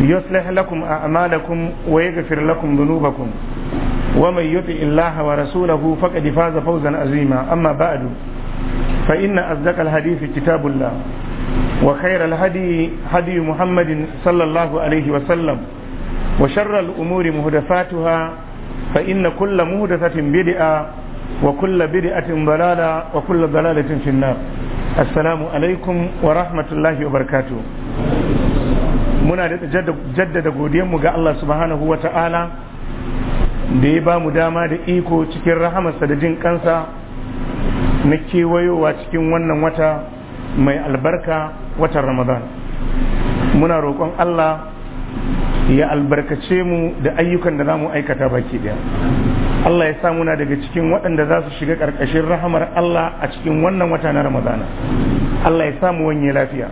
يصلح لكم أعمالكم ويغفر لكم ذنوبكم ومن يطع الله ورسوله فقد فاز فوزا عظيما أما بعد فإن أصدق الحديث كتاب الله وخير الهدي هدي محمد صلى الله عليه وسلم وشر الأمور مهدفاتها فإن كل مهدفة بدعة وكل بدعة ضلالة وكل ضلالة في النار السلام عليكم ورحمة الله وبركاته muna da jaddada godiyanmu ga Allah subhanahu wa ta'ala da ya ba mu dama da iko cikin rahamarsa da jin kansa na kewayowa cikin wannan wata mai albarka watan ramadan muna roƙon Allah ya albarkace mu da ayyukan da za mu aikata baki ɗaya Allah ya sa muna daga cikin waɗanda za su shiga ƙarƙashin rahamar Allah a cikin wannan wata na ramadana Allah ya samu wanye lafiya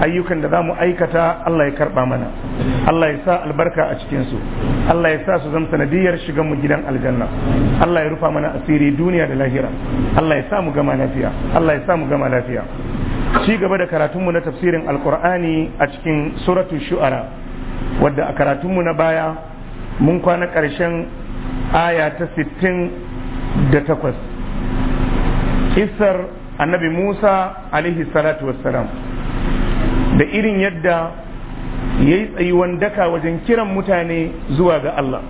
ayyukan da za mu aikata Allah ya karɓa mana Allah ya sa albarka a cikinsu Allah ya sa su zama sanadiyar shigan mu gidan aljanna Allah ya rufa mana asiri duniya da lahira Allah ya sa mu gama lafiya Allah ya sa mu gama lafiya ci gaba da karatun mu na tafsirin alkur'ani a cikin suratul shu'ara wadda a karatunmu na baya mun kwana ƙarshen aya ta sittin da takwas. isar annabi musa alaihi salatu wassalam da irin yadda ya yi tsayuwan daka wajen kiran mutane zuwa ga Allah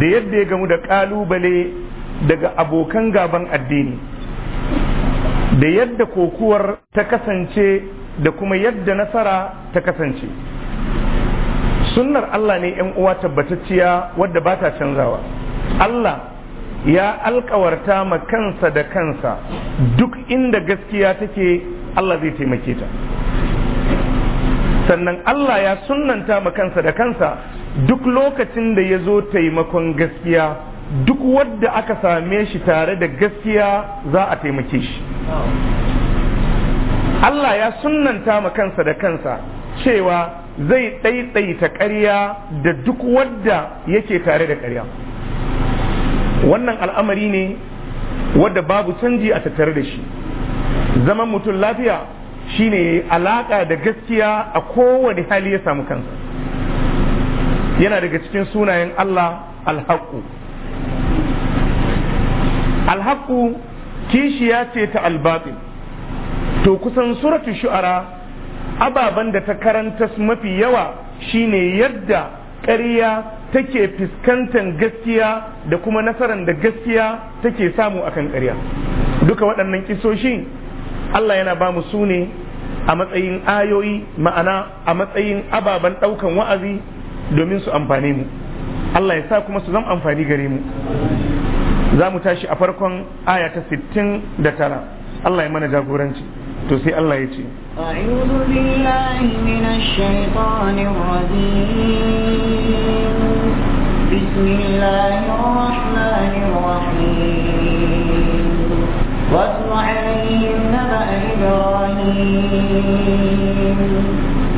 da yadda ya gamu da kalubale daga abokan gaban addini da yadda kokuwar ta kasance da kuma yadda nasara ta kasance sunnar Allah ne ‘yan uwa tabbatacciya wadda ba ta canzawa Allah ya alkawarta ma kansa da kansa duk inda gaskiya take Allah zai taimake ta sannan Allah ya sunanta ma kansa da kansa duk lokacin da ya zo taimakon gaskiya duk wadda aka same shi tare da gaskiya za a taimake shi Allah ya sunanta ma kansa da kansa cewa zai ɗaiɗaita ƙarya da duk wadda yake tare da karya. wannan al'amari ne wadda babu canji a tattare da shi zaman mutum lafiya shine alaƙa da gaskiya a kowane hali ya samu kansa yana daga cikin sunayen Allah alhaƙu alhaƙu kishiya ce ta albabin to kusan suratu shu'ara ababen da ta karanta su mafi yawa shine yadda ƙarya take fuskantar gaskiya da kuma nasarar da gaskiya take samu akan ƙarya duka waɗannan kisoshi Allah yana ba mu sune a matsayin ayoyi ma'ana a matsayin ababen ɗaukan wa'azi domin su amfane mu Allah ya sa kuma su zama amfani gare mu za mu tashi a farkon aya ta 69 Allah ya mana jagoranci to sai Allah ya ce a'udhu billahi minash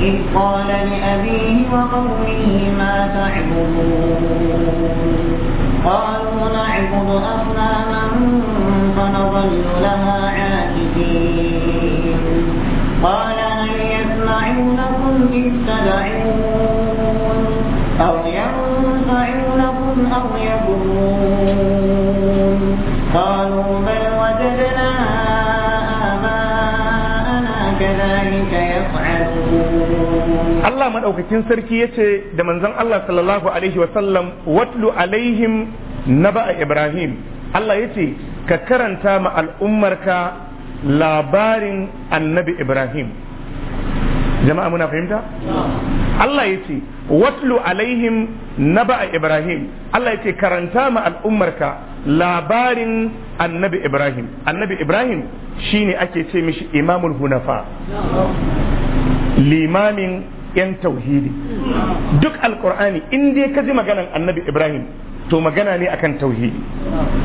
إذ قال لأبيه وقومه ما تعبدون Allah maɗaukacin sarki yace da manzon Allah sallallahu alaihi wa sallam watlu alaihim ba'a Ibrahim Allah ce ka karanta ma al'ummarka labarin annabi Ibrahim jama'a muna fahimta Allah yace watlu alaihim ba'a Ibrahim Allah yace karanta ma al'ummarka labarin annabi Ibrahim annabi Ibrahim shine ake ce mishi imamul hunafa limamin yan tauhidi duk alkur'ani in dai ka ji maganan annabi ibrahim to magana ne akan tauhidi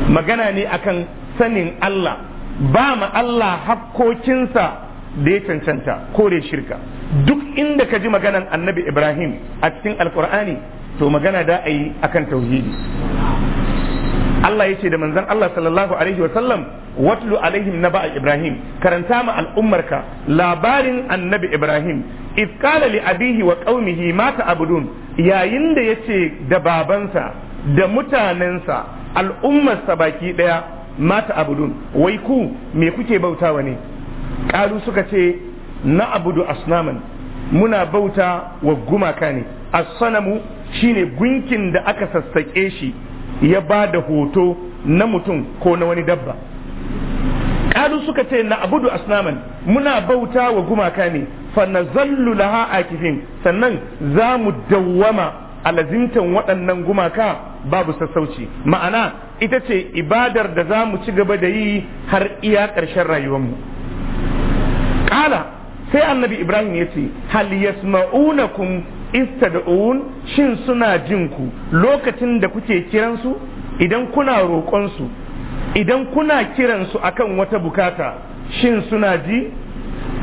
magana ne akan sanin allah ba ma allah hakkokinsa da ya cancanta kore shirka duk inda ka ji maganan annabi ibrahim a cikin alkur'ani to magana da a yi akan tauhidi Allah ya ce da manzan Allah sallallahu alaihi Wasallam sallam watlu alaihim ba'a Ibrahim karanta ma al'ummarka labarin annabi Ibrahim iskala li abihi wa qaumihi ma ta'budun yayin da yace da babansa da mutanensa al'ummarsa baki daya ma ta'budun wai ku me kuke bautawa ne kalu suka ce na abudu asnaman muna bauta wa gumaka ne as-sanamu shine gunkin da aka sassaƙe shi ya ba da hoto na mutum ko na wani dabba kalu suka ce na abudu asnaman muna bauta wa gumaka ne fa nazallu laha akifin sannan za mu dawwama alazintan waɗannan gumaka babu sassauci ma'ana ita ce ibadar da za mu ci gaba da yi har iya ƙarshen rayuwarmu ƙala sai annabi ibrahim ya ce hal yasma'unakum istad'un shin suna jin ku lokacin da kuke kiransu idan kuna roƙonsu idan kuna kiransu akan wata bukata shin suna ji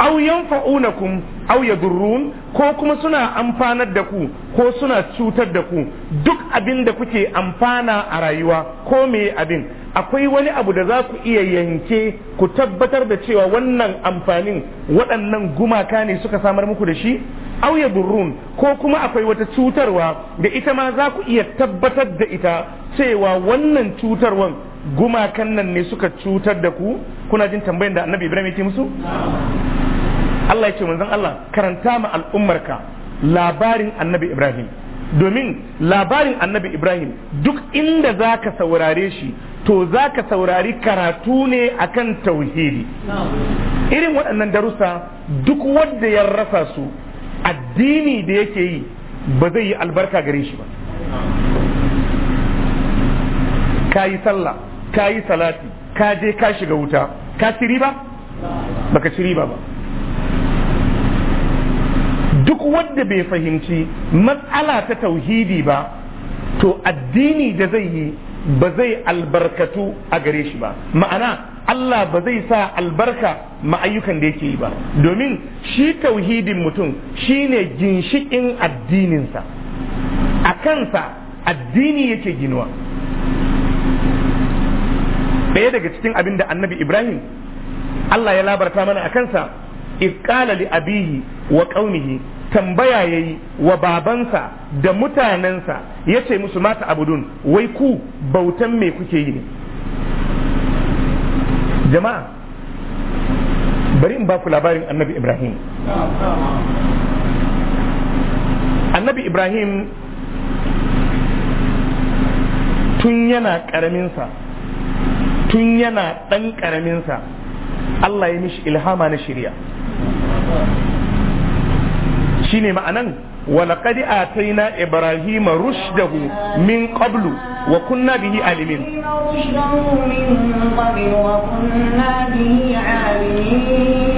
aw yanfa'unakum aw yadurrun ko kuma suna amfanar da ku ko suna cutar da ku duk abin da kuke amfana a rayuwa ko me abin akwai wani abu da za ku iya yanke ku tabbatar da cewa wannan amfanin waɗannan gumaka ne suka samar muku da shi aw yadurrun ko kuma akwai wata cutarwa da ita ma za ku iya tabbatar da ita cewa wannan cutarwan gumakan nan ne suka cutar da ku kuna jin tambayin da annabi ibrahim yake musu Allah ya ce manzon Allah karanta ma al'ummarka labarin annabi Ibrahim domin labarin annabi Ibrahim duk inda za ka saurare shi to za ka saurari karatu ne akan tauhidi irin waɗannan darussa duk wanda ya rasa su addini da yake yi ba zai yi albarka gare shi ba ka yi sallah ka yi salati ka je ka shiga wuta ka ci riba baka ci riba ba duk wanda bai fahimci matsala ta tauhidi ba to addini da zai yi ba zai albarkatu a gare shi ba ma'ana Allah ba zai sa albarka ma ayyukan da yake yi ba domin shi tauhidin mutum shi ne ginshikin addininsa a kansa addini yake ginuwa ɗaya daga cikin abin da annabi ibrahim Allah ya labarta mana a kansa إذ قال wa ƙaunihi. tambaya ya yi wa babansa da mutanensa ya ce musu mata abudun wai ku bautan me kuke yi ne jama'a bari in ba ku labarin annabi ibrahim annabi ibrahim tun yana tun yana ɗan ƙaraminsa Allah ya mishi ilhama na shirya shine ma'anan walaqad ibrahima rushdahu min qablu wa kunna bihi alimin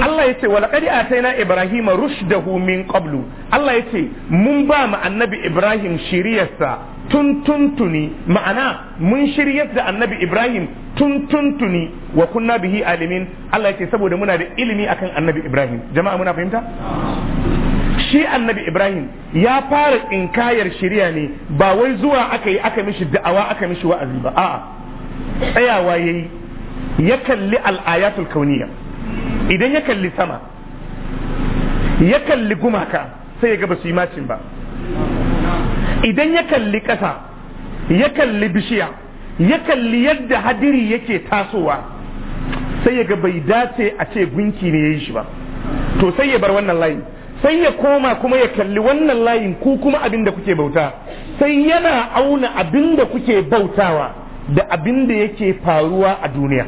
Allah yace walaqad rushdahu min qablu Allah mun ba ma annabi Ibrahim shiriyarsa tun tuntuni ma'ana mun shiryar da annabi Ibrahim tun tuntuni wa kunna bihi alimin Allah saboda muna da ilimi akan annabi Ibrahim jama'a muna fahimta shi annabi ibrahim ya fara tsinkayar shirya ne ba wai zuwa aka yi aka mishi da'awa aka mishi wa'azi ba a'a tsayawa ya yi ya kalli al'ayatul kauniya idan ya kalli sama ya kalli gumaka sai ya ga su yi macin ba idan ya kalli ƙasa ya kalli bishiya ya kalli yadda hadiri yake tasowa sai ya ga bai dace a ce gunki ne ya yi shi ba to sai ya bar wannan layi sai ya koma kuma ya kalli wannan layin ku kuma abin da kuke bauta sai yana auna abin da kuke bautawa da abin da yake faruwa a duniya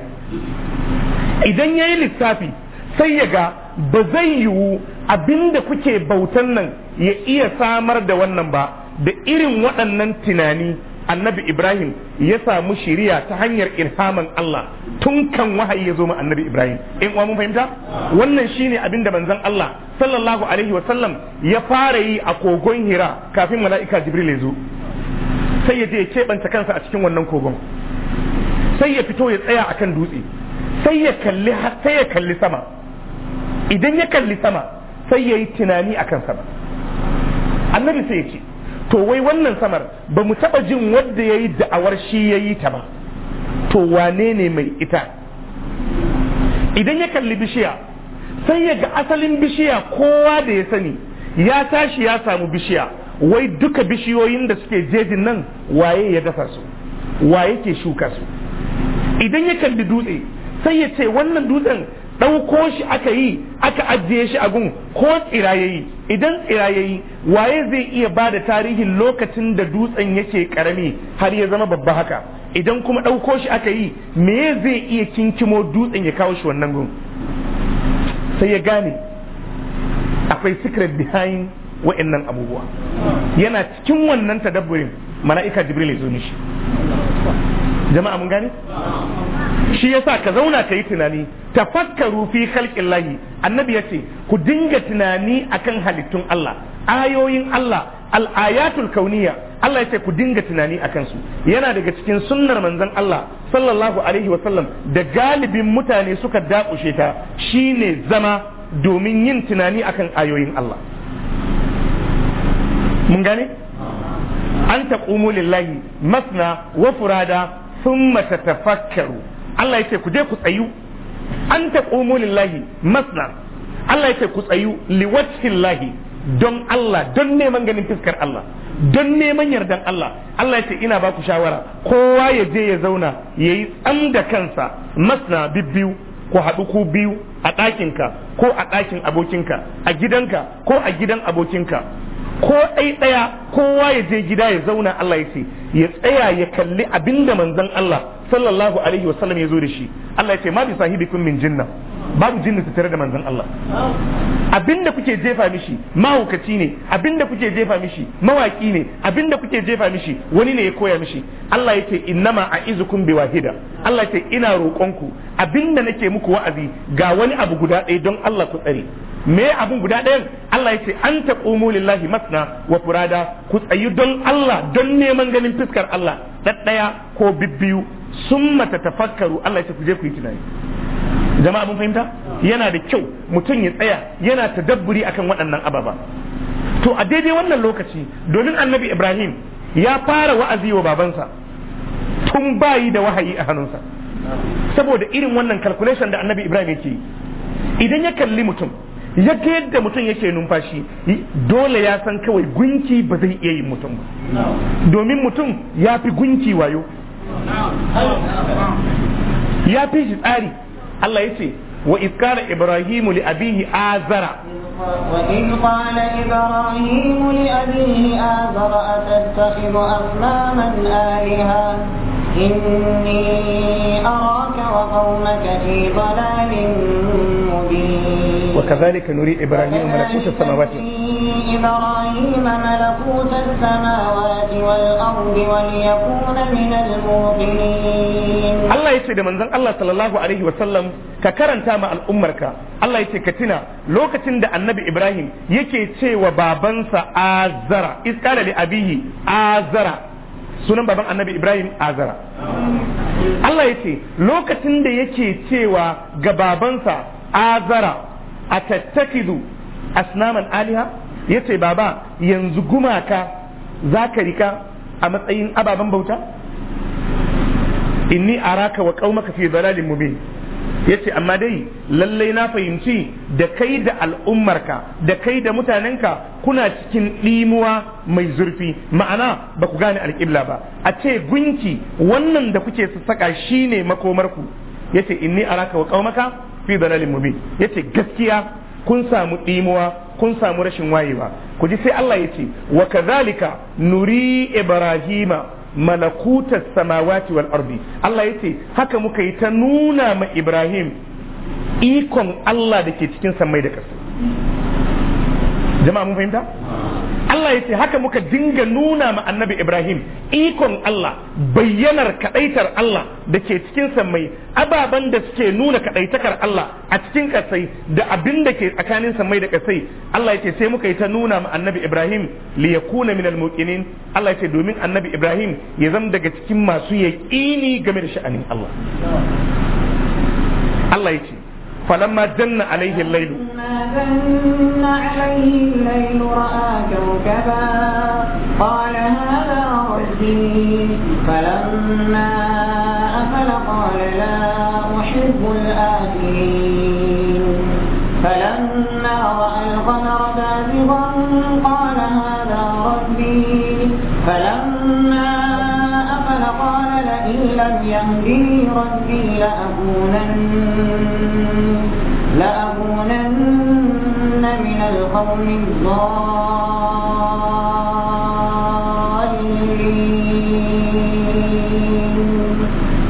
idan ya yi lissafi sai ya ga ba zai yiwu abin da kuke bautan nan ya iya samar da wannan ba da irin waɗannan tunani annabi Ibrahim ya samu shiriya ta hanyar ilhaman Allah tun kan wahayi ya zo ma annabi Ibrahim in uwa mun fahimta wannan shine abin da manzon Allah sallallahu alaihi wa sallam ya fara yi a kogon Hira kafin mala'ika Jibril ya zo sai ya je ya keɓanta kansa a cikin wannan kogon sai ya fito ya tsaya akan dutse sai ya kalli sai ya kalli sama idan ya kalli sama sai ya yi tunani akan sama annabi sai ya ce to wai wannan samar ba mu taɓa jin wanda ya yi da'awar shi ya yi ta ba to wane ne mai ita idan ya kalli bishiya sai ya ga asalin bishiya kowa da ya sani ya tashi ya samu bishiya wai duka bishiyoyin da suke jejin nan waye ya dasa su waye ke shuka su idan ya kalli dutse sai ya ce wannan dutsen ɗauko shi aka yi aka ajiye shi a gun ko yi. idan yi, waye zai iya ba da tarihin lokacin da dutsen yake karami har ya zama babba haka idan kuma ɗauko shi aka yi me zai iya kinkimo dutsen ya kawo shi wannan gun sai ya gane akwai secret behind wa'annan abubuwa yana cikin wannan tadabburin mala'ika jibril ya zo mishi jama'a mun gane shi yasa ka zauna ka yi tunani tafakkaru fi khalqin lahi annabi yace ku dinga tunani akan halittun Allah ayoyin Allah al-ayatul kauniyya Allah yace ku dinga tunani akan su yana daga cikin sunnar manzon Allah sallallahu alaihi sallam da galibin mutane suka dakushe ta shine zama domin yin tunani akan ayoyin Allah mun gane an taqumu lillahi masna wa furada thumma tatafakkaru Allah yace ku je ku tsayu an taqumu lillahi masna Allah yace ku tsayu liwacin lahi don Allah don neman ganin fiskar Allah don neman yardan Allah Allah yace ina ba ku shawara kowa ya je ya zauna yayi tsan da kansa masna bibbiyu ku haɗu ku biyu a ɗakinka ko a ɗakin abokinka a gidanka ko a gidan abokinka ko ɗai ɗaya kowa ya je gida ya zauna Allah ya ce ya tsaya ya kalli abinda manzon Allah sallallahu alaihi sallam ya zo da shi Allah ya ce ma bi sahibikum min jinna babu jinni tare da manzon Allah abinda kuke jefa mishi mahaukaci ne abinda kuke jefa mishi mawaki ne abinda kuke jefa mishi wani ne ya koya mishi Allah ya ce innama a'izukum bi wahida Allah ya ce ina roƙonku abinda nake muku wa'azi ga wani abu guda ɗaya don Allah ku tsare me abun guda ɗayan Allah ya ce an ta ƙomo lillahi masna wa furada ku tsayi don Allah don neman ganin fiskar Allah ɗaya ko bibbiyu sun mata tafakkaru. Allah ya ce ku je ku yi tunani jama'a mun fahimta yana da kyau mutum ya tsaya yana ta tadabburi akan waɗannan ababa to a daidai wannan lokaci domin annabi Ibrahim ya fara wa'azi wa babansa tun bayi da wahayi a hannunsa saboda irin wannan calculation da annabi Ibrahim yake idan ya kalli mutum ya yadda mutum yake numfashi dole ya san kawai gunki ba zai iya yin mutum ba domin mutum ya fi gunki wayo ya fi shi tsari Allah ya ce wa iskara ibrahimu li abihi azara وإذ قال إبراهيم لأبيه آذر أتتخذ أصناما آلهة إني أراك وقومك في ضلال مبين وكذلك نري إبراهيم ملكوت السماوات إبراهيم ملكوت السماوات والأرض وليكون من الموقنين الله يتدى من الله صلى الله عليه وسلم ككرن تام الأمركة Allah ya ce ka tuna lokacin da annabi Ibrahim yake cewa babansa Azara iskala li abihi Azara sunan baban annabi Ibrahim Azara Allah ya ce lokacin da yake cewa ga babansa Azara a tattakidu asnaman aliha ya ce baba yanzu gumaka za ka rika a matsayin ababen bauta inni raka wa fiye fi dalalin Ya ce amma dai lallai na fahimci da kai da al'ummarka da kai da mutanenka kuna cikin ɗimuwa mai zurfi ma'ana ba ku gane alƙibla ba a ce gunki wannan da kuke sassaƙa ne makomarku Ya yace inni raka wa maka. fi dalalin mubin yace gaskiya kun samu dimuwa kun samu rashin wayewa ku ji sai Allah yace wa kadhalika nuri ibrahima malakuta samawati wal ardi Allah yace haka muka yi ta nuna ma Ibrahim ikon Allah da ke cikin samai da ƙasa jama'a mun fahimta Allah ya ce haka muka dinga nuna ma annabi Ibrahim ikon Allah bayyanar kadaitar Allah da ke cikin mai ababen da suke nuna kadaitakar Allah a cikin kasai da abin da ke tsakanin mai da kasai Allah ya ce sai muka yi ta nuna ma annabi Ibrahim li yakuna min muqinin Allah ya ce domin annabi Ibrahim ya zama daga cikin masu yaqini game da sha'anin Allah Allah ya ce فلما جن عليه الليل جن عليه الليل رأى كوكبا قال هذا ربي فلما أفل قال لا أحب الآكلين فلما رأى القمر بازغا قال هذا ربي فلما أفل قال لئن لم يهدني ربي لأكونن قوم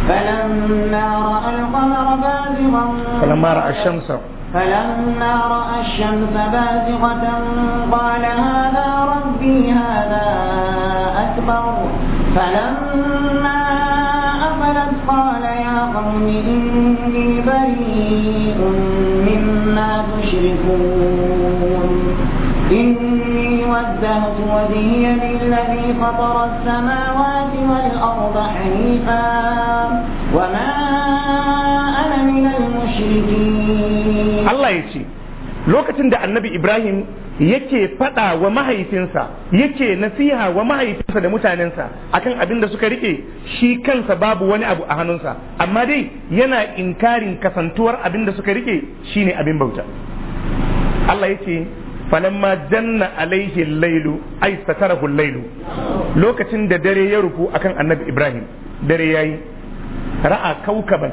فلما رأى فلما رأى الشمس فلما رأى الشمس بازغة قال هذا ربي هذا أكبر فلما أفلت قال يا قوم إني بريء عما تشركون إني وجهت وجهي للذي فطر السماوات والأرض حنيفا وما أنا من المشركين الله يسي لوكة عند النبي إبراهيم yake fada wa mahaifinsa yake nasiha wa mahaifinsa da mutanensa akan abin da suka rike shi kansa babu wani abu a hannunsa amma dai yana inkarin kasantuwar abin da suka rike shine abin bauta Allah yake falamma janna alaihi lailu ai satarahu lailu lokacin da dare ya rufu akan annabi Ibrahim dare yayi ra'a kaukaban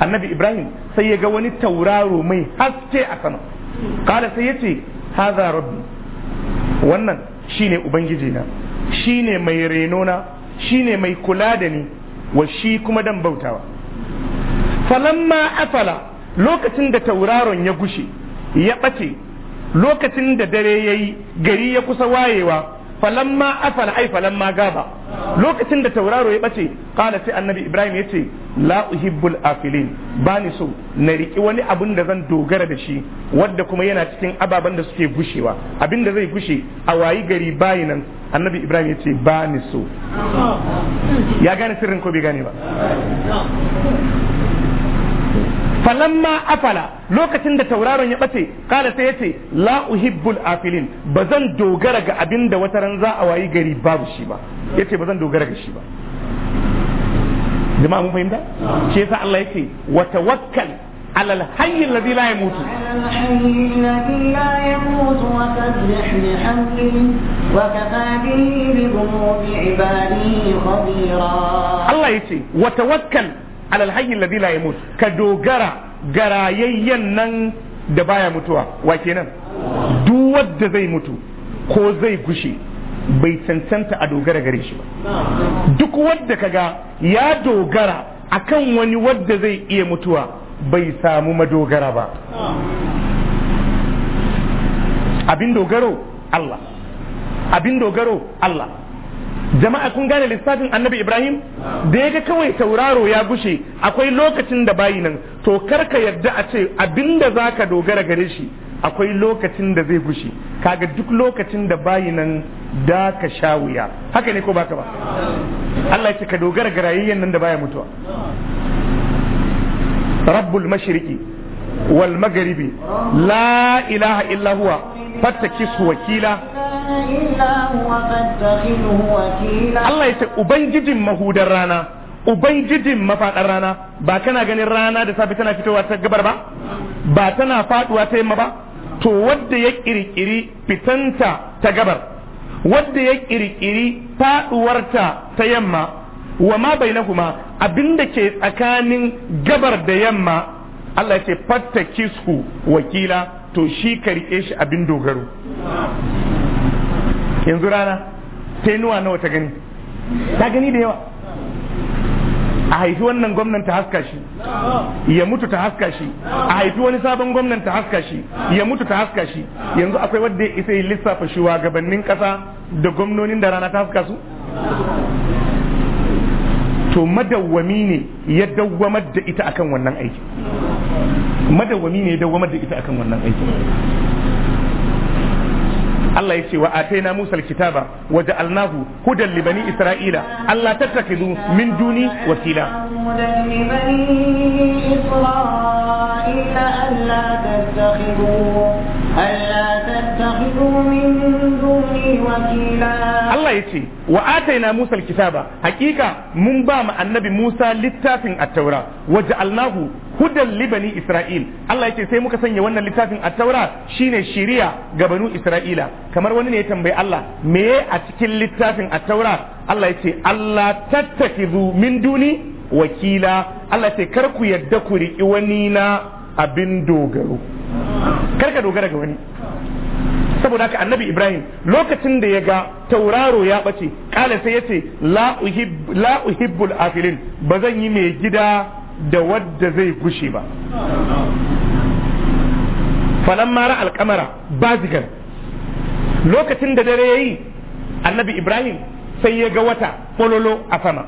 annabi Ibrahim sai ya ga wani tauraro mai haske a sama kada sai yace haza rabbi wannan shine ubangiji na shine mai reno na shine mai kula da ni wa shi kuma dan bautawa falamma afala lokacin da tauraron ya gushe ya ɓace lokacin da dare ya yi gari ya kusa wayewa falamma afala ai falamma gaba lokacin da tauraro ya bace kala sai annabi ibrahim ya yace la uhibbul afilin bani so na riki wani abin da zan dogara da shi wanda kuma yana cikin ababen da suke gushewa abin da zai gushe a wayi gari bayi nan annabi ibrahim ya yace bani so ya gane sirrin ko bai gane ba falamma afala lokacin da tauraron ya bace kala sai yace la uhibbul afilin bazan dogara ga abin da wata ran za a wayi gari babu shi ba yace bazan dogara ga shi ba jama'a mun fahimta shi yasa Allah yake wa tawakkal على الحي الذي لا يموت الله يتي وتوكل alal hayyin ladhi la yamut ka dogara garayayyen nan da baya mutuwa wa kenan duk wanda zai mutu ko zai gushe bai cancanta a dogara gare shi ba duk wanda kaga ya dogara akan wani wanda zai iya mutuwa bai samu madogara ba abin dogaro Allah abin dogaro Allah jama'a kun gane lissafin annabi ibrahim da ya ga kawai tauraro ya gushe akwai lokacin da bayi nan to karka yadda a ce abinda za ka dogara gare shi akwai lokacin da zai gushe kaga duk lokacin da bayi nan da ka sha wuya haka ne ko baka ba Allah ya ce ka dogara ga rayayyen nan da baya mutuwa rabbul mashriqi wal maghribi la ilaha illa huwa fattakisu wakila Allah ya ce ubangijin mahudar rana ubangijin mafaɗar rana ba kana ganin rana da safe tana fitowa ta gabar ba ba tana faɗuwa ta yamma ba to wadda ya ƙirƙiri fitanta ta gabar wadda ya ƙirƙiri faɗuwarta ta yamma wa ma bainahuma abinda ke tsakanin gabar da yamma Allah ya ce fatta kisku wakila to shi ka shi abin dogaro yanzu rana sai nuwa nawa ta gani ta gani da yawa a haifi wannan gwamnan ta haska shi ya mutu ta haska shi a haifi wani sabon gwamnan ta haska shi ya mutu ta haska shi yanzu akwai wadda ya isa yi lissafa shugabannin kasa da gwamnonin da rana ta haska su to madawwami ne ya dawwamar da ita akan wannan aiki madawwami ne ya dawwamar da ita akan wannan aiki Allah yace wa ataina Musa alkitaba wa ja'alnahu hudan li bani Isra'ila Allah tattakidu min duni wasila ألا تتخذوا ألا تتخذوا من Allah ya ce wa ataina Musa kitaba hakika mun ba mu annabi Musa littafin at-taura wa ja'alnahu hudan libani Isra'il Allah ya ce sai muka sanya wannan littafin at-taura shine shiriya ga banu Isra'ila kamar wani ne ya tambayi Allah me a cikin littafin at-taura Allah ya ce Allah tattakizu min duni wakila Allah ya ce kar ku yadda ku riƙi wani na abin dogaro kar ka dogara ga wani saboda haka annabi ibrahim lokacin da ya ga tauraro ya ɓace kala sai yace la uhib la afilin ba zan yi mai gida da wadda zai gushe ba falamma ra alkamara bazigar lokacin da dare yayi annabi ibrahim sai ya ga wata fololo a sama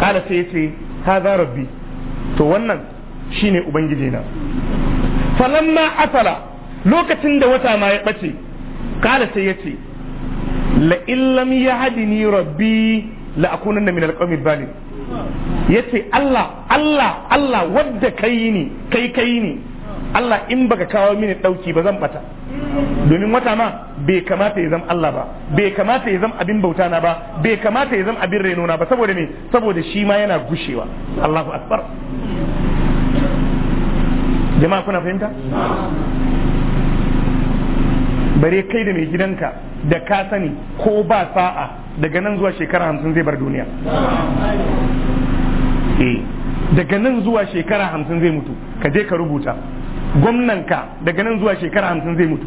kala sai yace hadha rabbi to wannan shine ubangijina falamma asala lokacin da wata ma ya bace kala sai yace la illam yahdini rabbi la akunanna min alqawmi Ya yace Allah Allah Allah wadda kai ni kai kai ni Allah in baka kawo mini ɗauki ba zan bata domin wata ma bai kamata ya zam Allah ba bai kamata ya zam abin bauta na ba bai kamata ya zam abin reno na ba saboda me saboda shi ma yana gushewa Allahu akbar jama'a kuna fahimta bare kai da mai gidanka da ka sani ko ba sa'a daga nan zuwa shekara hamsin zai bar duniya eh, daga nan zuwa shekara hamsin zai mutu ka je ka rubuta gwamnanka daga nan zuwa shekara hamsin zai mutu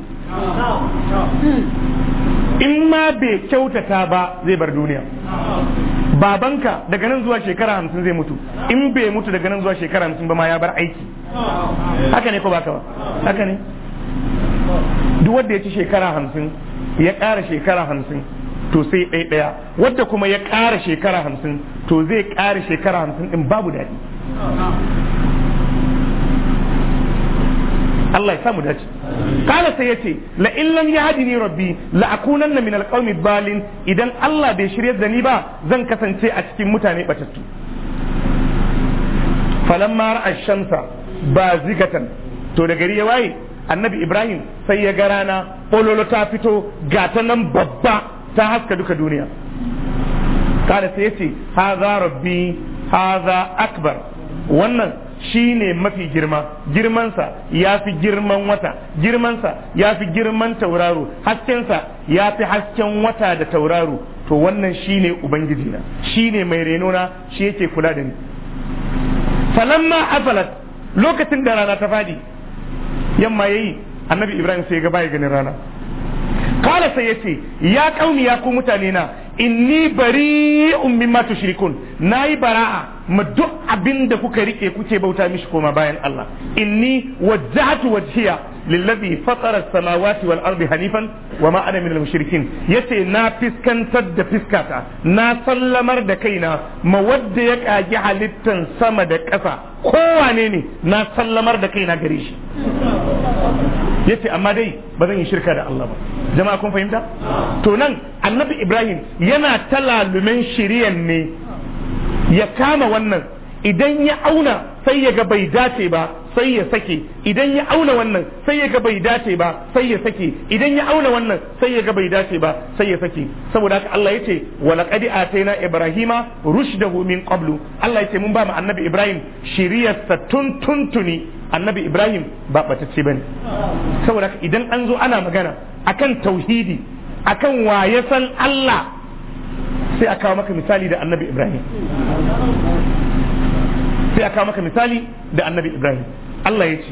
in ma bai kyautata ba zai bar duniya babanka daga nan zuwa shekara hamsin zai mutu in bai mutu daga nan zuwa shekara hamsin ba ma ya bar aiki haka ne ko baka ba haka ne duk wanda ya ci shekara hamsin ya ƙara shekara hamsin to sai ɗaya ɗaya wadda kuma ya ƙara shekara hamsin to zai ƙara shekara hamsin in babu daɗi Allah ya samu dace kala sai yace la illam yahdini rabbi la akunanna min alqawmi balin idan Allah bai shirye da ni ba zan kasance a cikin mutane batattu falamma ra'a shamsa bazikatan to da gari ya waye annabi ibrahim sai ya ga rana ololo ta fito gata nan babba ta haska duka duniya kada sai yace haza rabbi haza akbar wannan shine mafi girma girmansa ya fi girman wata girmansa ya fi girman tauraro haskensa ya fi hasken wata da tauraro to wannan shine Ubangiji ubangijina ne mai renona shi yake kula da ni falamma afalat lokacin da rana ta fadi yamma yayi annabi ibrahim sai ya ga baya ganin rana kala sai ya ce ya kauni ya ku mutane na inni bari ummin matu shirikun na yi bara'a ma duk abin da kuka rike kuke bauta mishi koma bayan Allah inni wajjahatu wajhiya lillazi fatara as-samawati wal hanifan wa ma ana minal mushrikin yace na fiskantar da fiskata na sallamar da kaina ma wadda ya kagi halittan sama da ƙasa kowane ne na sallamar da kaina gare shi yace amma dai ba zan yi shirka da Allah ba jama'a kun fahimta to nan annabi Ibrahim yana talalumin shiriyan ne ya kama wannan idan ya auna sai ya bai dace ba sai ya sake idan ya auna wannan sai ya ga bai dace ba sai ya sake idan ya auna wannan sai ya ga bai dace ba sai ya sake saboda haka Allah yace wa laqad ataina ibrahima rushdahu min qablu Allah yace mun ba mu annabi ibrahim shiriyar sa tun tuntuni annabi ibrahim ba batacce bane saboda haka idan an zo ana magana akan tauhidi akan waye san Allah sai a kawo maka misali da annabi ibrahim sai kawo maka misali da annabi ibrahim Allah ya ce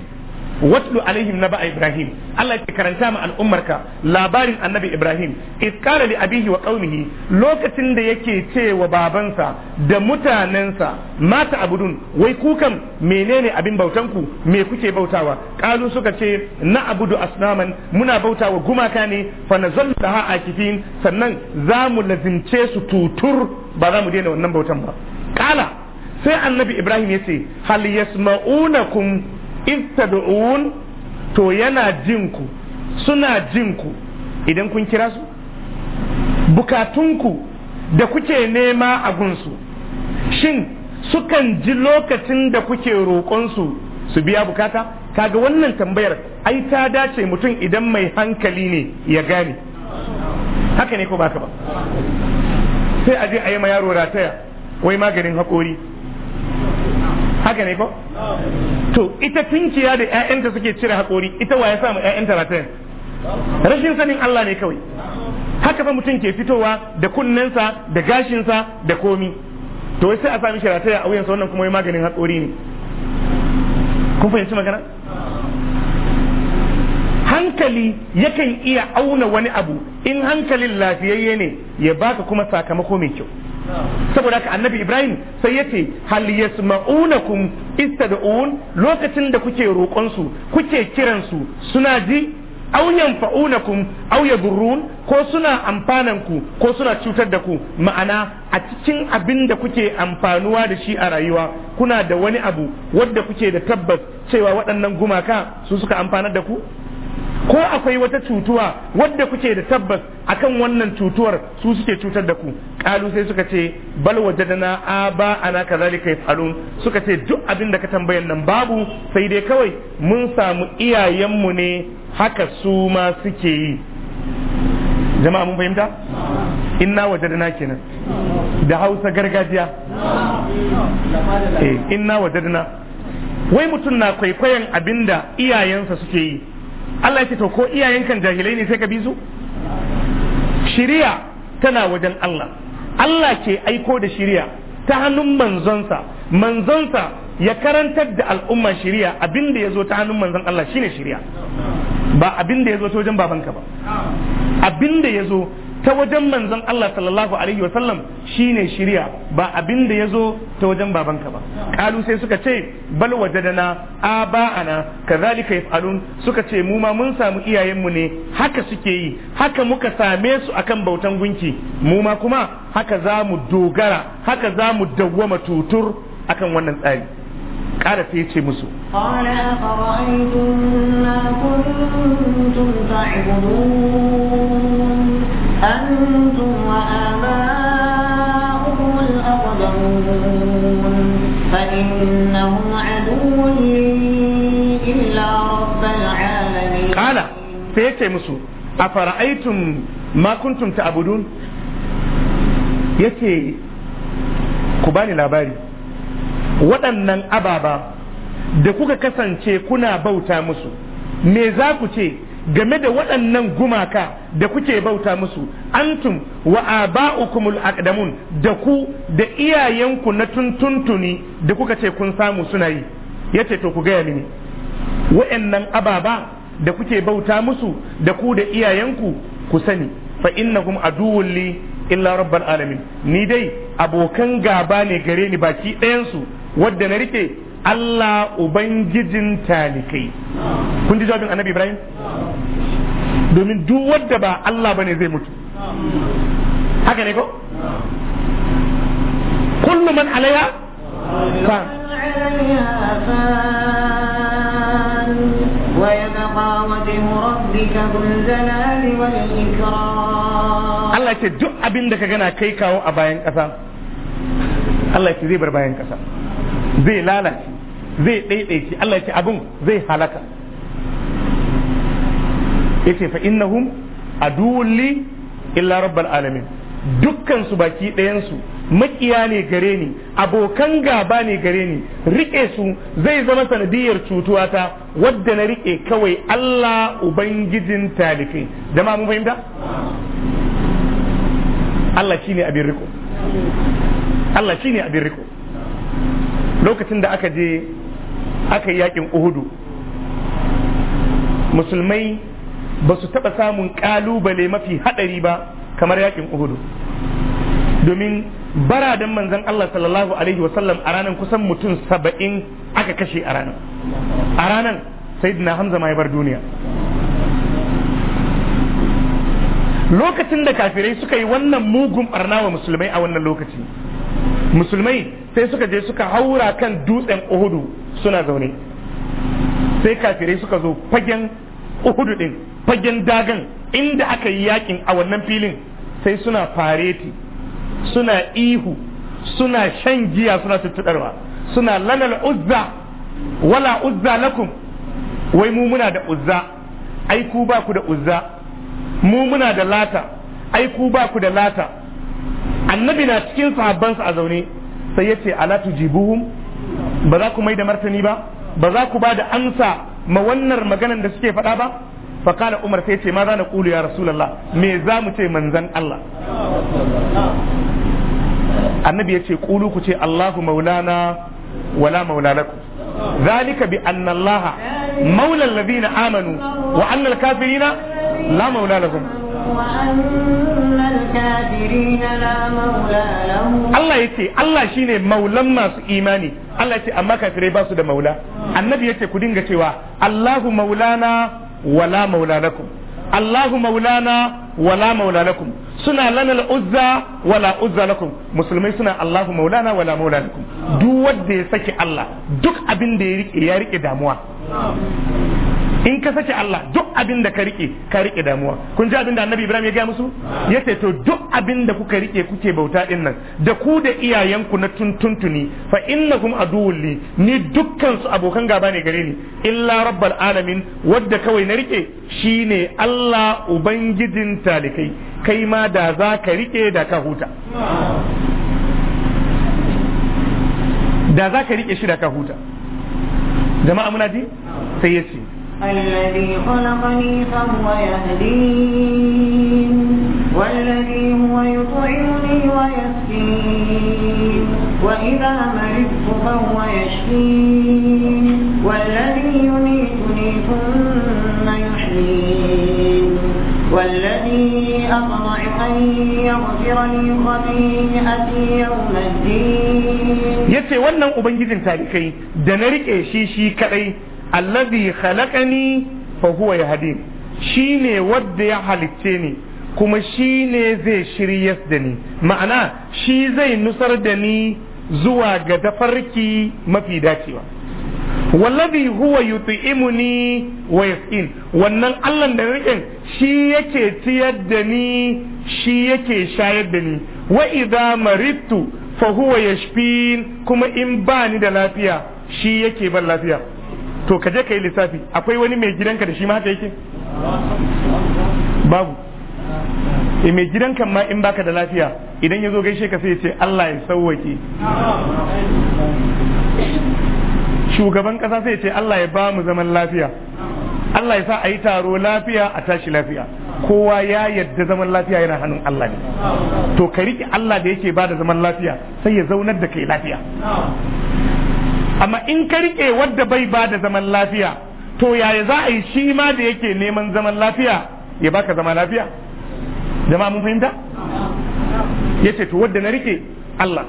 watlu alaihim naba ibrahim Allah ya ce karanta ma al'ummarka labarin annabi ibrahim iskara li abihi wa qaumihi lokacin da yake cewa babansa da mutanensa mata abudun wai kukan menene abin bautanku me kuke bautawa kalu suka ce na abudu asnaman muna bautawa gumaka ne fa nazallu akifin sannan zamu lazimce su tutur ba za mu daina wannan bautan ba kala sai annabi ibrahim ya ce hal yasma'unakum id tad'un to yana jin ku suna jin ku idan kun kira su bukatunku da kuke nema a gunsu shin sukan ji lokacin da kuke roƙonsu su biya bukata kaga wannan tambayar ai ta dace mutum idan mai hankali ne ya gane haka ne ko baka ba sai aje a yi ma yaro rataya wai maganin haƙori haka ne ko to ita tunkiya da ƴaƴanta suke cire haƙori, ita wa ya sa mu ƴaƴanta rashin sanin Allah ne kawai haka fa mutum ke fitowa da kunnensa da gashinsa da komi to wai sai a sami rataya a wuyansa wannan kuma wai maganin haƙori ne kun fahimci magana hankali yakan iya auna wani abu in hankalin lafiyayye ne ya baka kuma sakamako mai kyau saboda haka annabi ibrahim sai ya ce hal yasma'unakum istad'un lokacin da kuke roƙon kuke kiransu suna ji auyan fa'unakum aw yadurrun ko suna amfanan ku ko suna cutar da ku ma'ana a cikin abin da kuke amfanuwa da shi a rayuwa kuna da wani abu wadda kuke da tabbas cewa waɗannan gumaka su suka amfanar da ku ko akwai wata cutuwa wadda kuke da tabbas akan wannan cutuwar su suke cutar da ku kalu sai suka ce bal wajadana aba ana kazalika yafalun suka ce duk abin da ka tambayan nan babu sai dai kawai mun samu iyayenmu ne haka su ma suke yi jama'a mun fahimta inna wajadana kenan da hausa gargajiya eh, inna wajadana wai mutum na kwaikwayon abinda iyayensa suke yi Allah ya ce to ko iyayenkan jahilai ne sai ka bi su shiriya tana wajen Allah Allah ke aiko da shiriya ta hannun manzonsa manzonsa ya karantar da al'umma shiriya abin da ya zo ta hannun manzon Allah shine shiriya ba abin da ya zo ta wajen babanka ba abin da ya zo ta wajen manzon Allah sallallahu alaihi wa sallam shine shiriya ba abin da yazo ta wajen babanka ba kalu sai suka ce bal wajadana aba'ana kazalika yaf'alun suka ce mu ma mun samu iyayenmu ne haka suke yi haka muka same su akan bautan gunki mu ma kuma haka za mu dogara haka za mu dawwama tutur akan wannan tsari kara sai ce musu قال أنتم وآباؤكم الأقدمون فإنهم عدو لي إلا رب العالمين قال سيكي مسو أفرأيتم ما كنتم تعبدون yace ku لاباري labari waɗannan ababa da kuka kasance kuna bauta musu me za ku ce game da waɗannan gumaka da kuke bauta musu antum wa aba'ukumul aqdamun da ku da iyayenku na tuntuntuni da kuka ce kun samu suna yi yace to ku gaya mini waɗannan ababa da kuke bauta musu da ku da iyayenku ku sani fa innakum aduwwul li illa rabbal alamin ni dai abokan gaba ne gare ni baki ɗayansu wadda na rike Allah ubangijin talikai kun ji jawabin annabi Ibrahim domin duk wanda ba Allah bane zai mutu haka ne ko kullu man alaiha fan Allah ce duk abin da ka gana kai kawo a bayan ƙasa Allah ya ce zai bar bayan ƙasa zai lalace zai ɗaiɗaici Allah ce abin zai halaka ya ce fa'innahum a duwulli illa rabbal alamin dukkansu baki ɗayansu makiya ne gare ni abokan gaba ne gare ni riƙe su zai zama sanadiyar cutuwata wadda na riƙe kawai Allah Ubangijin Da ma mun fahimta? Allah shine ne abin riko Allah shine abin riko lokacin da aka je aka yi yakin uhudu musulmai ba su taɓa samun ƙalubale mafi haɗari ba kamar yakin uhudu domin bara baradan manzan Allah sallallahu alaihi wasallam a ranar kusan mutum saba'in aka kashe a ranar a ranar sayyidina hamza ma bar duniya lokacin da kafirai suka yi wannan mugun ɓarna wa musulmai a wannan lokaci musulmai sai suka je suka haura kan dutsen uhudu suna zaune sai kafirai suka zo fagen uhudu din fagen dagan inda aka yi yakin a wannan filin sai suna fareti suna ihu suna shan giya suna tuttuɗarwa suna lalal uzza wala uzza lakum wai mu muna da uzza ai ku ba ku da uzza mu muna da lata ai ku ba ku da lata annabi na cikin sahabbansa a zaune sai ya ce ala tujibuhum ba za ku mai da martani ba ba za ku ba da amsa ma wannan maganan da suke faɗa ba faƙala umar sai ce ma za na kulu ya rasulallah me za mu ce manzan Allah annabi ya ce ƙulu ku ce Allahu maulana wala maulanaku ذلك بأن الله مولى الذين آمنوا وأن الكافرين لا مولى لهم Allah ya ce Allah shi ne maulan masu imani Allah ya ce amma kafirai ba su da maula annabi ya ce ku dinga cewa Allahu maulana wala maulanakum Allahu maulana wala maulanakum suna lanal uzza wala uzza lakum musulmai suna Allahu maulana wala maulanakum duk wanda ya saki Allah duk abin da ya rike ya rike damuwa in ka sake Allah duk abin da ka rike ka rike damuwa kun ji abin da Annabi Ibrahim ya gaya musu yace to duk abin da kuka rike kuke bauta din nan da ku da iyayenku na tuntuntuni fa innakum aduwwul ni dukkan su abokan gaba ne gare ni illa rabbal alamin wadda kawai na rike shine Allah ubangijin talikai kai ma da za ka rike da ka huta da za ka rike shi da ka huta jama'a muna ji sai ya ce الذي خلقني فهو يهدين والذي هو يطعمني ويسكين وإذا مرضت فهو يشفين والذي يميتني ثم يحيين والذي أطمع أن يغفر لي خطيئتي يوم الدين yace wannan ubangijin talikai da na rike shi shi kadai allazi khalaqani fa huwa yahdin shine wanda ya halicce ni kuma shine zai shirya da ni ma'ana shi zai nusar da ni zuwa ga tafarki mafi dacewa wallazi huwa yut'imuni wa yasqin wannan Allah da rikin shi yake ciyar da ni shi yake shayar da ni wa idza maridtu fa huwa yashfin kuma in bani da lafiya shi yake ban lafiya to ka je ka yi lissafi akwai wani mai gidanka da shi ma haka yake babu e mai gidanka ma in baka da lafiya idan ya zo gaishe ka sai ya ce Allah ya sauwake shugaban kasa sai ya ce Allah ya ba mu zaman lafiya Allah ya sa a yi taro lafiya a tashi lafiya kowa ya yadda zaman lafiya yana hannun Allah ne to ka riƙe Allah da yake ba da zaman lafiya sai ya zaunar da kai lafiya amma in ka rike wadda bai ba da zaman lafiya to yaya za a yi shi ma da yake neman zaman lafiya ya baka zama lafiya jama'a mun fahimta ya to wadda na rike Allah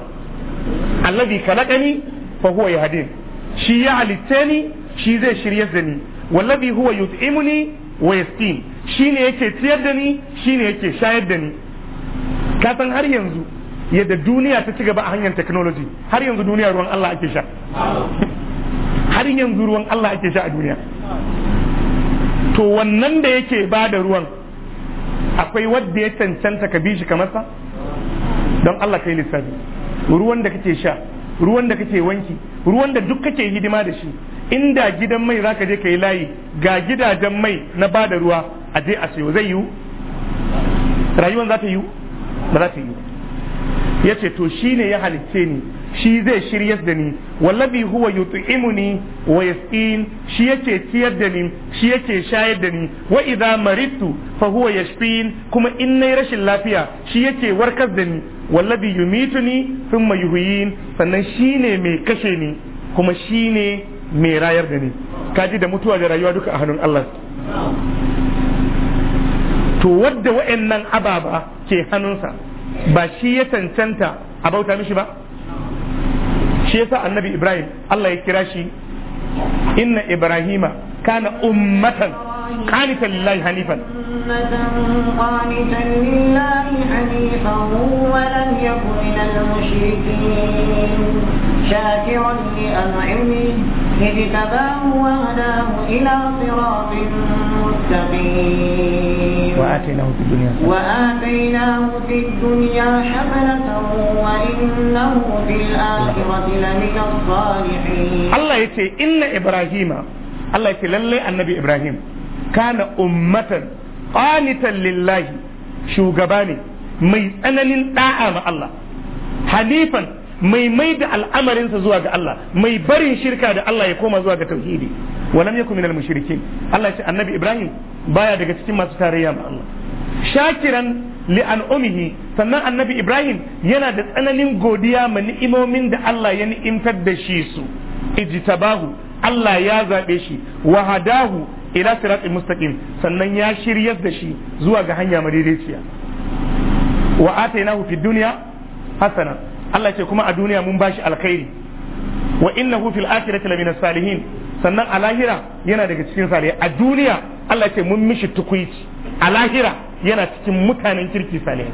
allazi kalakani fa huwa yahdin shi ya halitta ni shi zai shirye da ni wallazi huwa yut'imuni wa Shi shine yake ciyar da ni shine yake shayar da ni ka san har yanzu yadda duniya ta ci gaba a hanyar technology har yanzu duniya ruwan Allah ake sha har yanzu ruwan Allah ake sha a duniya to wannan da yake ba da ruwan akwai wadda ya cancanta ka bi shi kamar sa don Allah kai lissafi ruwan da kake sha ruwan da kake wanki ruwan da duk kake hidima da shi inda gidan mai zaka je kai layi ga gidajen mai na ba da ruwa a je a sayo zai yiwu rayuwan za ta yiwu ba za ta yiwu ya ce to shi ne ya halicce ni shi zai shiryar da ni wallabi huwa yut'imuni wa yasqin shi yake ciyar da ni shi yake shayar da ni wa idza maridtu fa huwa yashfin kuma in nayi rashin lafiya shi yake warkar da ni wallabi yumituni thumma yuhyin sannan shi ne mai kashe ni kuma shi ne mai rayar da ni kaji da mutuwa da rayuwa duka a hannun Allah to wadda wa'annan ababa ke hannunsa ba shi ya cancanta a bauta mishi ba shi yasa annabi ibrahim Allah ya kira shi inna ibrahima kana ummatan قانتا لله حنيفا قانتا لله حنيفا ولم يكن من المشركين شاكرا لأنعمه اجتباه وهداه إلى صراط مستقيم وآتيناه في الدنيا وآتيناه في الدنيا حسنة وإنه في الآخرة لمن الصالحين الله يتي إن إبراهيم الله يتي للي النبي إبراهيم كان أمة قانتا لله شو غباني mai tsananin da'a ma Allah hanifan mai mai da al'amarinsa zuwa ga Allah mai barin shirka da Allah ya koma zuwa ga tauhidi walam yakun minal mushrikin Allah ce annabi Ibrahim baya daga cikin masu tarayya ma Allah shakiran li an'umihi sannan annabi Ibrahim yana da tsananin godiya ma ni'imomin da Allah ya ni'imtar da shi su ijtabahu Allah ya zabe shi wa hadahu ila siratin mustaqim sannan ya shiryar da shi zuwa ga hanya madaidaiciya wa atainahu fid dunya hasana Allah ce kuma a duniya mun bashi alkhairi wa innahu fil akhirati lamina salihin sannan a lahira yana daga cikin salihai a duniya Allah ce mun mishi tukuici a lahira yana cikin mutanen kirki salihai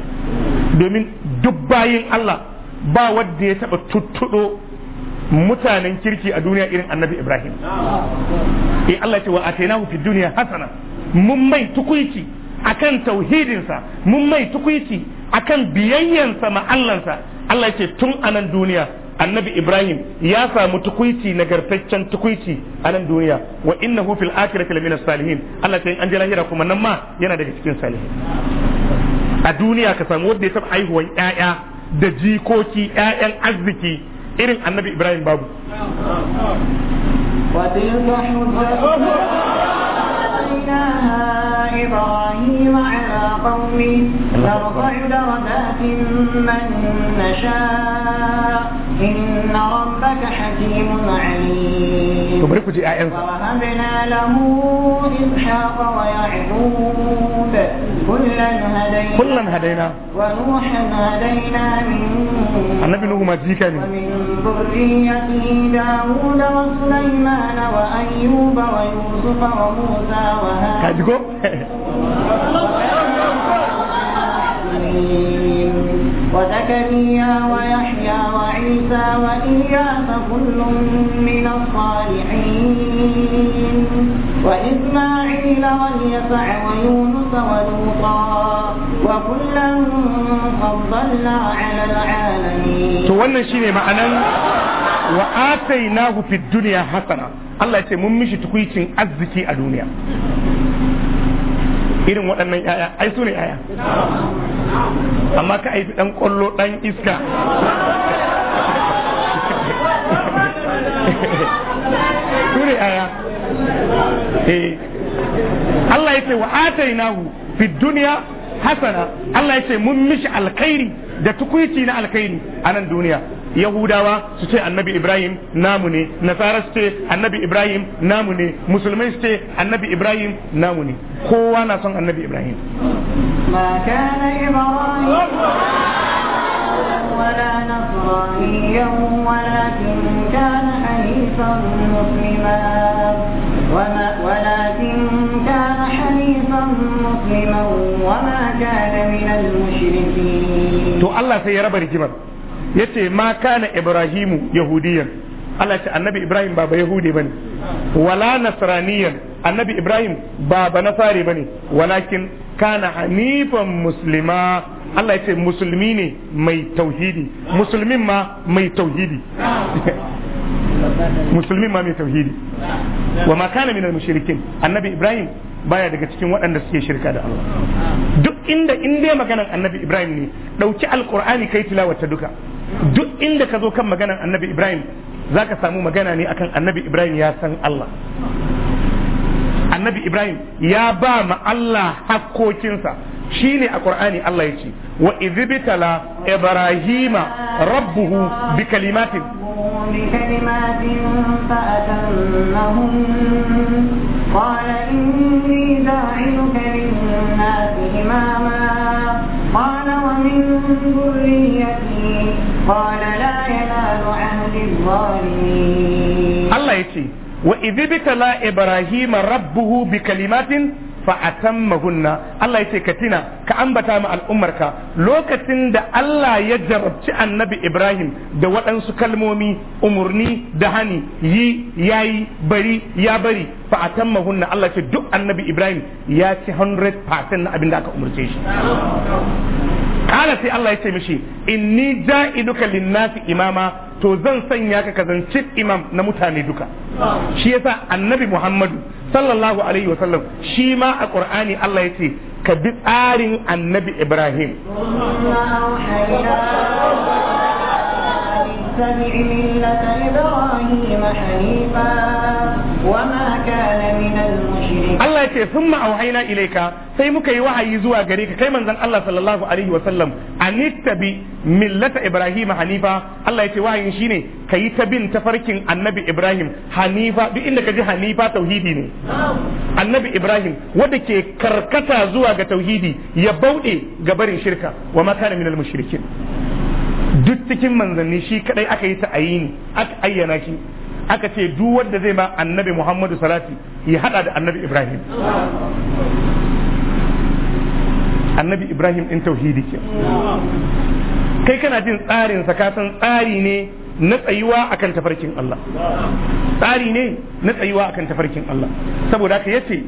domin duk bayin Allah ba wanda ya taba tuttudo mutanen kirki a duniya irin annabi Ibrahim eh Allah ce wa atainahu fid dunya hasana mun mai tukuici akan tauhidinsa mun mai tukuici akan biyayyansa ma Allahnsa Allah ce tun a nan duniya annabi Ibrahim ya samu tukuici nagartaccen tukuici a nan duniya wa innahu fil akhirati lamina salihin Allah ce an je lahira kuma nan ma yana daga cikin salihin a duniya ka samu wanda ya taba aihuwan ƴaƴa da jikoki ƴaƴan arziki irin annabi Ibrahim babu وتلك نرفع درجات من نشاء إن ربك حكيم عليم ووهبنا له إسحاق ويعقوب كلا هدينا كلا هدينا ونوحا هدينا من النبي نوح ما جيك من ومن ذريته داود وسليمان وأيوب ويوسف وموسى وهارون إبراهيم وزكريا ويحيى وعيسى وإياس كل من الصالحين وإسماعيل واليسع ويونس ولوطا وكلا فضلنا على العالمين تولى شيء معنا وآتيناه في الدنيا حسنة Allah ya ce mun mishi tukuicin arziki a duniya irin waɗannan 'ya'ya ai su ne 'ya'ya amma ka haifi dan kwallo dan iska sure aya eh Allah ya ce wa atainahu fi dunya hasana Allah ya ce mun mishi alkhairi da tukuici na alkhairi a nan duniya yahudawa su ce annabi ibrahim namu ne nasara su ce annabi ibrahim namu ne musulmai su ce annabi ibrahim namu ne kowa na son annabi ibrahim ما كان إبراهيم ولا نصرانيا ولكن كان حنيفا مسلما ولكن كان حنيفا مسلما وما كان من المشركين تو الله سيربى رجبا yace ma kana ibrahimu yahudiyan Allah ce annabi Ibrahim ba Yahudi ne. wala nasraniyan annabi Ibrahim ba ba nasari bane walakin kana hanifan musulma. Allah ya ce musulmi ne mai tauhidi musulmin ma mai tauhidi musulmin ma mai tauhidi wa ma kana minal mushrikin annabi Ibrahim baya daga cikin waɗanda suke shirka da Allah duk inda in dai maganar annabi Ibrahim ne ɗauki alkur'ani kai tilawata duka duk inda ka zo kan maganar annabi Ibrahim za ka samu magana ne akan annabi ibrahim ya san allah annabi ibrahim ya ba ma allah hakkokinsa shi ne a ƙur'ani allah ya ce wa izibitala ibrahima rabbuhu bi kalimatin قال إني للناس إماما قال ومن ذريتي قال allah عهد الظالمين الله يتي وإذ ابتلى إبراهيم ربه بكلمات fa'atammahunna Allah yace ka tina ka ambata ma al'ummarka lokacin da Allah ya jarabci annabi Ibrahim da waɗansu kalmomi umurni da hani yi yayi bari ya bari fa'atammahunna Allah ce duk annabi Ibrahim ya ci 100% na abin da aka umurce shi kala sai Allah ya ce mishi inni ja'iduka linnasi imama to zan sanya ka kazan imam na mutane duka shi yasa annabi Muhammadu sallallahu alaihi wasallam shi ma a Qur'ani Allah ya ce ka bi tsarin annabi Ibrahim اتبع ملة إبراهيم حنيفا وما كان من المشركين الله يتي ثم أوحينا إليك sai muka yi wahayi zuwa gare ka kai manzan Allah sallallahu alaihi wa sallam millata Ibrahim hanifa Allah ya ce wahayin shine kayi ta bin tafarkin annabi Ibrahim hanifa duk inda ji hanifa tauhidi ne annabi Ibrahim wanda ke karkata zuwa ga tauhidi ya bauɗe ga barin shirka wa ma kana minal mushrikin duk cikin manzanni shi kadai aka yi ta ayini aka ayyana shi aka ce duk wanda zai ba annabi Muhammadu salati ya hada da annabi Ibrahim annabi Ibrahim din tauhidi ke kai kana jin tsarin sa san tsari ne na tsayuwa akan tafarkin Allah tsari ne na tsayuwa akan tafarkin Allah saboda haka yace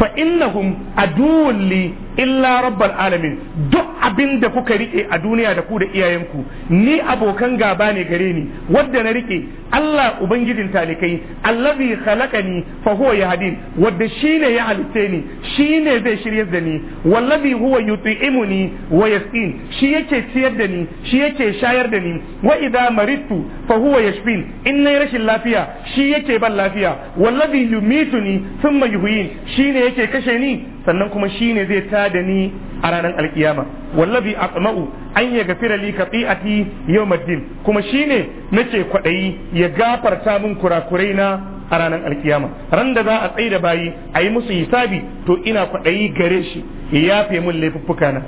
fa innahum aduwwun li illa rabbal alamin duk abin da kuka rike a duniya da ku da iyayenku ni abokan gaba ne gare ni wadda na rike Allah ubangijin talikai allazi khalaqani fa huwa yahdin wadda shine ya halitte ni shine zai shiryar da ni wallazi huwa yut'imuni wa yasqin shi yake ciyar da ni shi yake shayar da ni wa idza maridtu fa huwa yashfin in nayi rashin lafiya shi yake ban lafiya wallazi yumituni thumma yuhyin shine yake kashe ni sannan kuma shine zai ta da ni a ranar alkiyama wallabi tsamau an ya gafira li yau yawmiddin kuma shine nake kwaɗayi ya gafarta min kurakurai na a ranar alkiyama ran da za a tsaye da bayi a yi musu hisabi to ina kwaɗayi gare shi ya yafe min laifuffuka na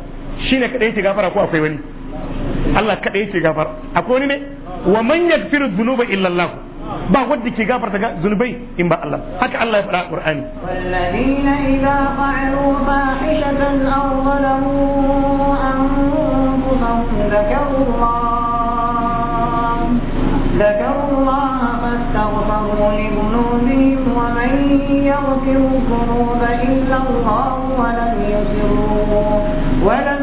shine kadai ke gafara ko akwai wani Allah kadai ke gafara akwai wani ne wa man yaghfiru dhunuba illa Allah ba wadda ke gafarta ga zunubai in ba Allah haka Allah ya faɗa Qur'ani walladina idza fa'alu fahishatan aw zalamu anfusahum dhakaru Allah dhakaru Allah فاستغفروا لذنوبهم ومن يغفر الذنوب إلا الله ولم يصروا ولم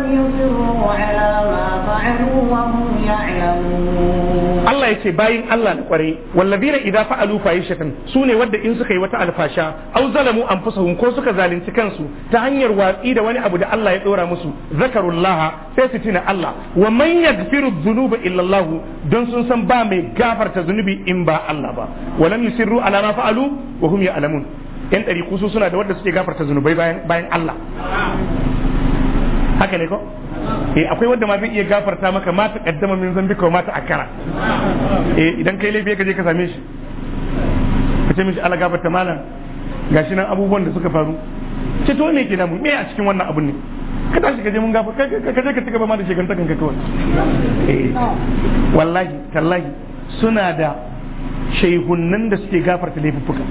Allah ce bayin Allah na kwarai wallazina idza fa'alu fahishatan sune wadda in suka yi wata alfasha aw zalamu anfusahum ko suka zalunci kansu ta hanyar watsi da wani abu da Allah ya dora musu zakarullaha sai su tuna Allah wa man yaghfiru dhunuba illa Allah don sun san ba mai gafarta zunubi in ba Allah ba walam yusirru ala ma fa'alu wa hum ya'lamun yan ɗari kusu suna da wadda suke gafarta zunubai bayan Allah haka ne ko eh akwai wanda ma zai iya gafarta maka ma ta kaddama min zambi ko ma ta akara eh idan kai laifi ka je ka same shi ka ce mishi Allah gafarta malam gashi nan abubuwan da suka faru ce to ne ke namu me a cikin wannan abun ne ka tashi ka je mun gafa ka je ka cigaba ma da shekarta kanka kawai eh wallahi tallahi suna da shehunnan da suke gafarta laifuffuka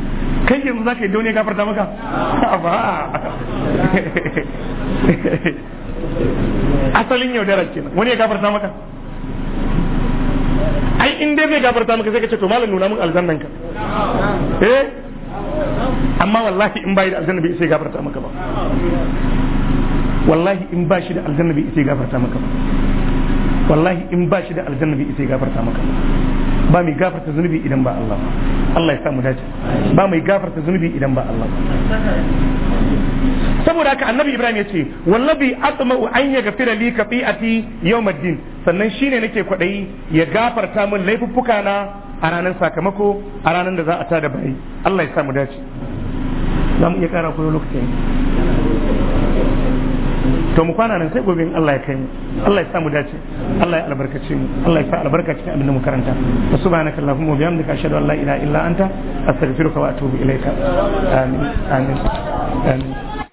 kai yanzu za ka yi dauniya gafarta maka ba asalin yaudarar kenan wani ya gafarta maka ai in dai zai gafarta maka sai ka ce to malam nuna min aljannan ka eh amma wallahi in bai da aljanna bai sai gafarta maka ba wallahi in ba shi da aljanna bai sai gafarta maka ba wallahi in ba shi da aljanna bai sai gafarta maka ba mai gafarta zunubi idan ba Allah Allah ya samu dace ba mai gafarta zunubi idan ba Allah saboda haka annabi ibrahim ya ce wallabi atma'u an ya gafira li kafi'ati yawmaddin sannan shine nake kwadayi ya gafarta min laifuffuka na a ranar sakamako a ranar da za a tada bayi Allah ya samu dace za mu iya kara koyo lokacin to mu kwana nan sai gobe in Allah ya kai mu Allah ya samu dace Allah ya albarkace mu Allah ya sa albarka cikin abin da mu karanta wa subhanaka allahumma wa bihamdika ashhadu an la ilaha illa anta astaghfiruka wa atubu ilaika amin amin amin